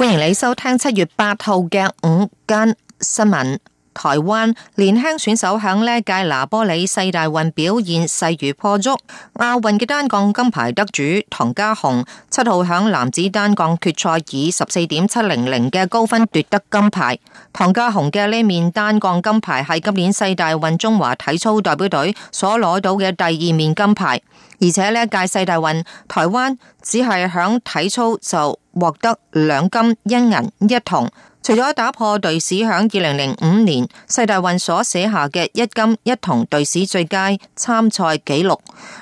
歡迎你收聽七月八號嘅午間新聞。台灣年輕選手喺呢屆拿波里世大運表現勢如破竹，亞運嘅單槓金牌得主唐嘉鴻七號喺男子單槓決賽以十四點七零零嘅高分奪得金牌。唐嘉鴻嘅呢面單槓金牌係今年世大運中華體操代表隊所攞到嘅第二面金牌，而且呢一屆世大運台灣只係響體操就獲得兩金一銀一銅。除咗打破隊史響二零零五年世大運所寫下嘅一金一銅隊史最佳參賽紀錄，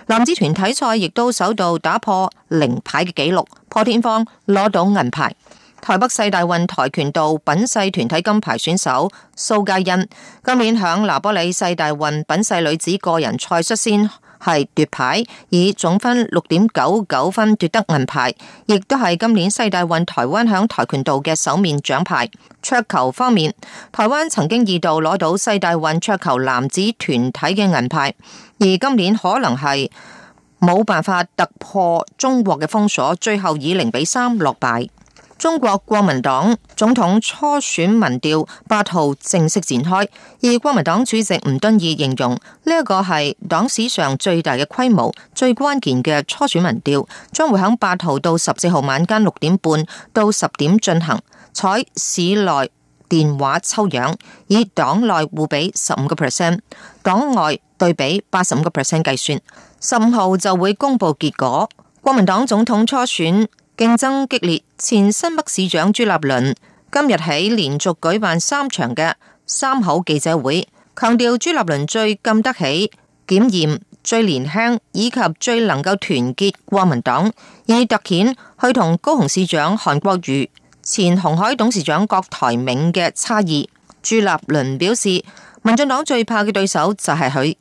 男子團體賽亦都首度打破零牌嘅紀錄，破天荒攞到銀牌。台北世大運跆拳道品勢團體金牌選手蘇佳恩，今年響拿波里世大運品勢女子個人賽率先。係奪牌，以總分六點九九分奪得銀牌，亦都係今年世大運台灣響跆拳道嘅首面獎牌。桌球方面，台灣曾經二度攞到世大運桌球男子團體嘅銀牌，而今年可能係冇辦法突破中國嘅封鎖，最後以零比三落敗。中國國民黨總統初選民調八號正式展開，而國民黨主席吳敦義形容呢一個係黨史上最大嘅規模、最關鍵嘅初選民調，將會喺八號到十四號晚間六點半到十點進行，採市內電話抽樣，以黨內互比十五個 percent，黨外對比八十五個 percent 計算，十五號就會公布結果。國民黨總統初選。競爭激烈，前新北市長朱立倫今日起連續舉辦三場嘅三好記者會，強調朱立倫最禁得起檢驗、最年輕以及最能夠團結國民黨，以凸顯去同高雄市長韓國瑜、前鴻海董事長郭台銘嘅差異。朱立倫表示，民進黨最怕嘅對手就係佢，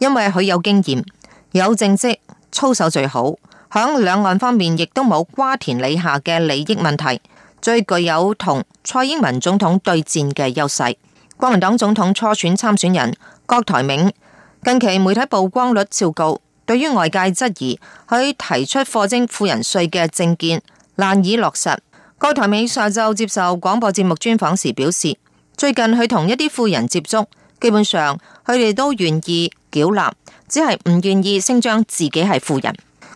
因為佢有經驗、有政績、操守最好。響兩岸方面，亦都冇瓜田李下嘅利益問題，最具有同蔡英文總統對戰嘅優勢。國民黨總統初選參選人郭台銘近期媒體曝光率超高，對於外界質疑，佢提出課徵富人稅嘅政見難以落實。郭台銘上晝接受廣播節目專訪時表示，最近佢同一啲富人接觸，基本上佢哋都願意繳納，只係唔願意聲張自己係富人。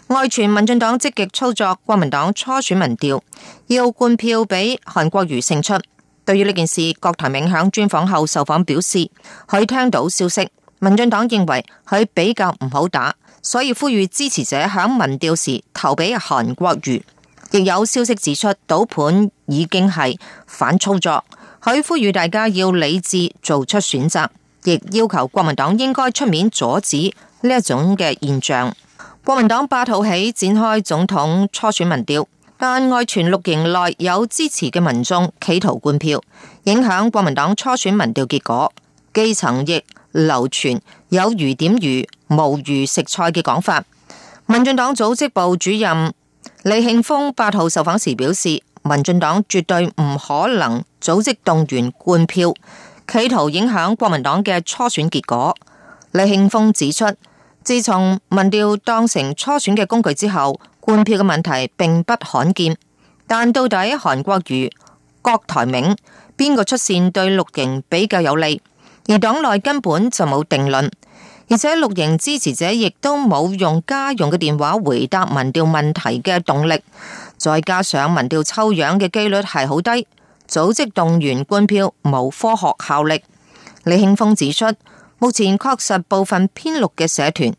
外傳民進黨積極操作國民黨初選民調，要冠票俾韓國瑜勝出。對於呢件事，郭台銘響專訪後，受訪表示佢聽到消息，民進黨認為佢比較唔好打，所以呼籲支持者喺民調時投俾韓國瑜。亦有消息指出，賭盤已經係反操作，佢呼籲大家要理智做出選擇，亦要求國民黨應該出面阻止呢一種嘅現象。國民黨八號起展開總統初選民調，但外傳綠營內有支持嘅民眾企圖灌票，影響國民黨初選民調結果。基層亦流傳有魚點魚，無魚食菜嘅講法。民進黨組織部主任李慶豐八號受訪時表示，民進黨絕對唔可能組織動員灌票，企圖影響國民黨嘅初選結果。李慶豐指出，自從民調當成初選嘅工具之後，灌票嘅問題並不罕見。但到底韓國瑜、郭台銘邊個出線對綠營比較有利？而黨內根本就冇定論，而且綠營支持者亦都冇用家用嘅電話回答民調問題嘅動力。再加上民調抽樣嘅幾率係好低，組織動員灌票冇科學效力。李慶峰指出。目前確實部分偏綠嘅社團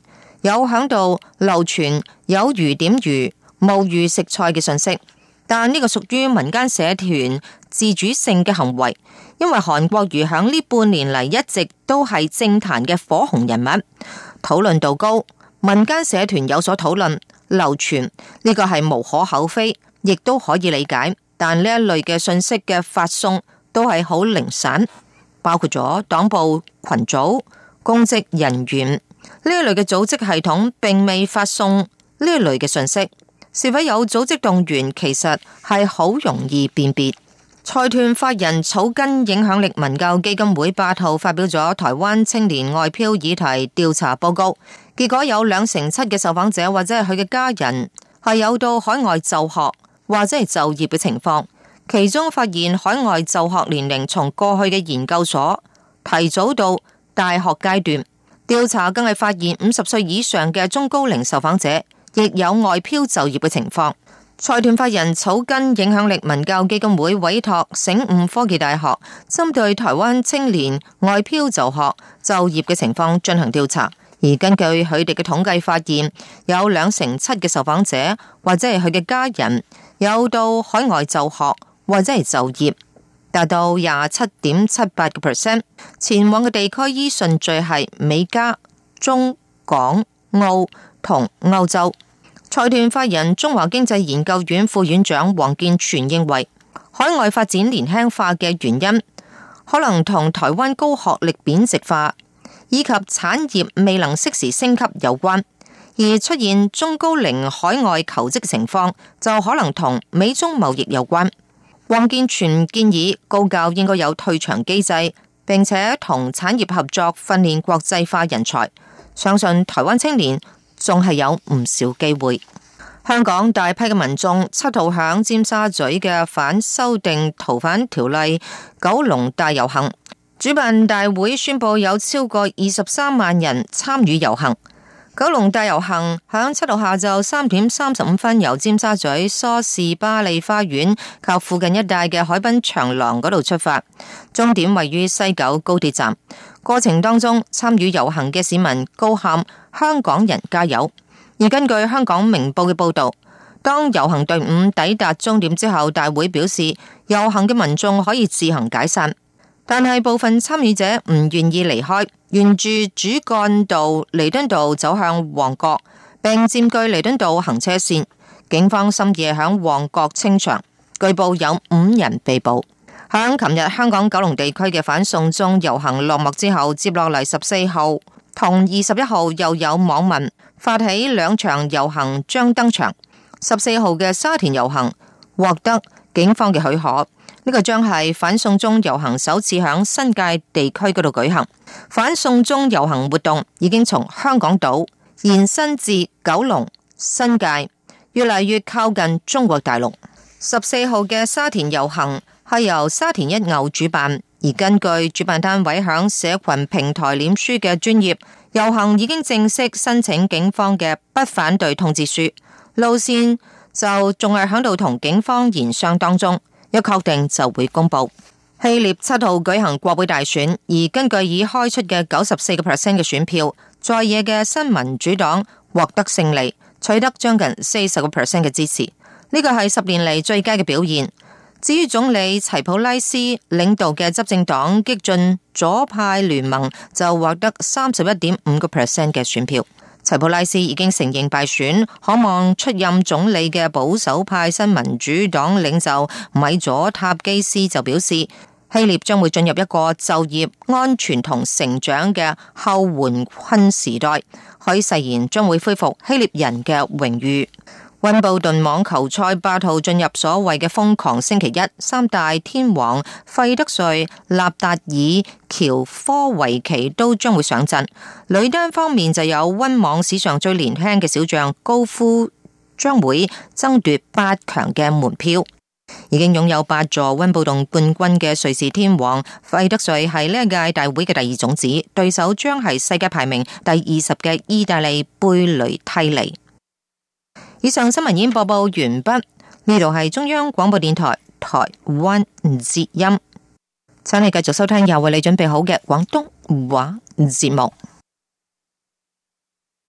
有響度流傳有魚點魚冇魚食菜嘅信息，但呢個屬於民間社團自主性嘅行為，因為韓國瑜響呢半年嚟一直都係政壇嘅火紅人物，討論度高，民間社團有所討論流傳，呢個係無可厚非，亦都可以理解。但呢一類嘅信息嘅發送都係好零散。包括咗黨部、群組、公職人員呢一類嘅組織系統，並未發送呢一類嘅信息，是否有組織動員，其實係好容易辨別。財團法人草根影響力文教基金會八號發表咗台灣青年外漂議題調查報告，結果有兩成七嘅受訪者或者係佢嘅家人係有到海外就學或者係就業嘅情況。其中發現海外就學年齡從過去嘅研究所提早到大學階段，調查更係發現五十歲以上嘅中高齡受訪者亦有外漂就業嘅情況。財團法人草根影響力文教基金會委託醒吾科技大學，針對台灣青年外漂就學、就業嘅情況進行調查，而根據佢哋嘅統計發現，有兩成七嘅受訪者或者係佢嘅家人有到海外就學或者係就業達到廿七點七八個 percent，前往嘅地區依順序係美加、中港澳同歐洲。財團法人，中華經濟研究院副院長王健全認為，海外發展年輕化嘅原因可能同台灣高學歷貶值化以及產業未能適時升級有關，而出現中高齡海外求職情況就可能同美中貿易有關。王建全建議高教應該有退場機制，並且同產業合作訓練國際化人才。相信台灣青年仲係有唔少機會。香港大批嘅民眾七號，響尖沙咀嘅反修訂逃犯條例九龍大遊行，主辦大會宣布有超過二十三萬人參與遊行。九龍大遊行響七號下晝三點三十五分由尖沙咀梳士巴利花園靠附近一帶嘅海濱長廊嗰度出發，終點位於西九高鐵站。過程當中，參與遊行嘅市民高喊“香港人加油”。而根據香港明報嘅報道，當遊行隊伍抵達終點之後，大會表示遊行嘅民眾可以自行解散。但係部分參與者唔願意離開，沿住主幹道彌敦道走向旺角，並佔據彌敦道行車線。警方深夜響旺角清場，據報有五人被捕。響琴日香港九龍地區嘅反送中遊行落幕之後，接落嚟十四號同二十一號又有網民發起兩場遊行將登場。十四號嘅沙田遊行獲得警方嘅許可。呢個將係反送中遊行首次響新界地區嗰度舉行。反送中遊行活動已經從香港島延伸至九龍、新界，越嚟越靠近中國大陸。十四號嘅沙田遊行係由沙田一牛主辦，而根據主辦單位響社群平台臉書嘅專頁，遊行已經正式申請警方嘅不反對通知書，路線就仲係響度同警方言商當中。一確定就會公布。希臘七號舉行國會大選，而根據已開出嘅九十四個 percent 嘅選票，在野嘅新民主黨獲得勝利，取得將近四十個 percent 嘅支持，呢個係十年嚟最佳嘅表現。至於總理齊普拉斯領導嘅執政黨激進左派聯盟就獲得三十一點五個 percent 嘅選票。齊普拉斯已經承認敗選，可望出任總理嘅保守派新民主黨領袖米佐塔基斯就表示，希臘將會進入一個就業安全同成長嘅後紓困時代，佢誓言將會恢復希臘人嘅榮譽。溫布頓網球賽八號進入所謂嘅瘋狂星期一，三大天王費德瑞、納達爾、喬科維奇都將會上陣。女單方面就有溫網史上最年輕嘅小將高夫，將會爭奪八強嘅門票。已經擁有八座溫布頓冠軍嘅瑞士天王費德瑞係呢一屆大會嘅第二種子，對手將係世界排名第二十嘅意大利貝雷蒂尼。以上新聞已經播報完畢，呢度係中央廣播電台台灣之音，請你繼續收聽又為你準備好嘅廣東話節目。